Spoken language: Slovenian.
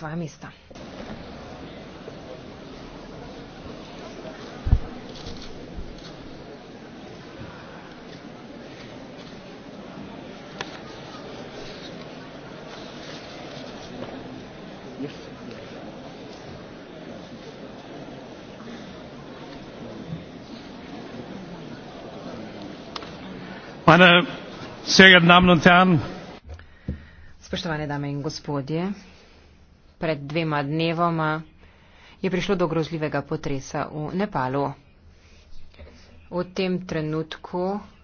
svoja mesta. Meine sehr geehrten Damen und Herren, Spoštovane dame in gospodje, pred dvema dnevoma je prišlo do grozljivega potresa v Nepalu. V tem trenutku